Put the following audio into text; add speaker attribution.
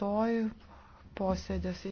Speaker 1: rytoj posėdis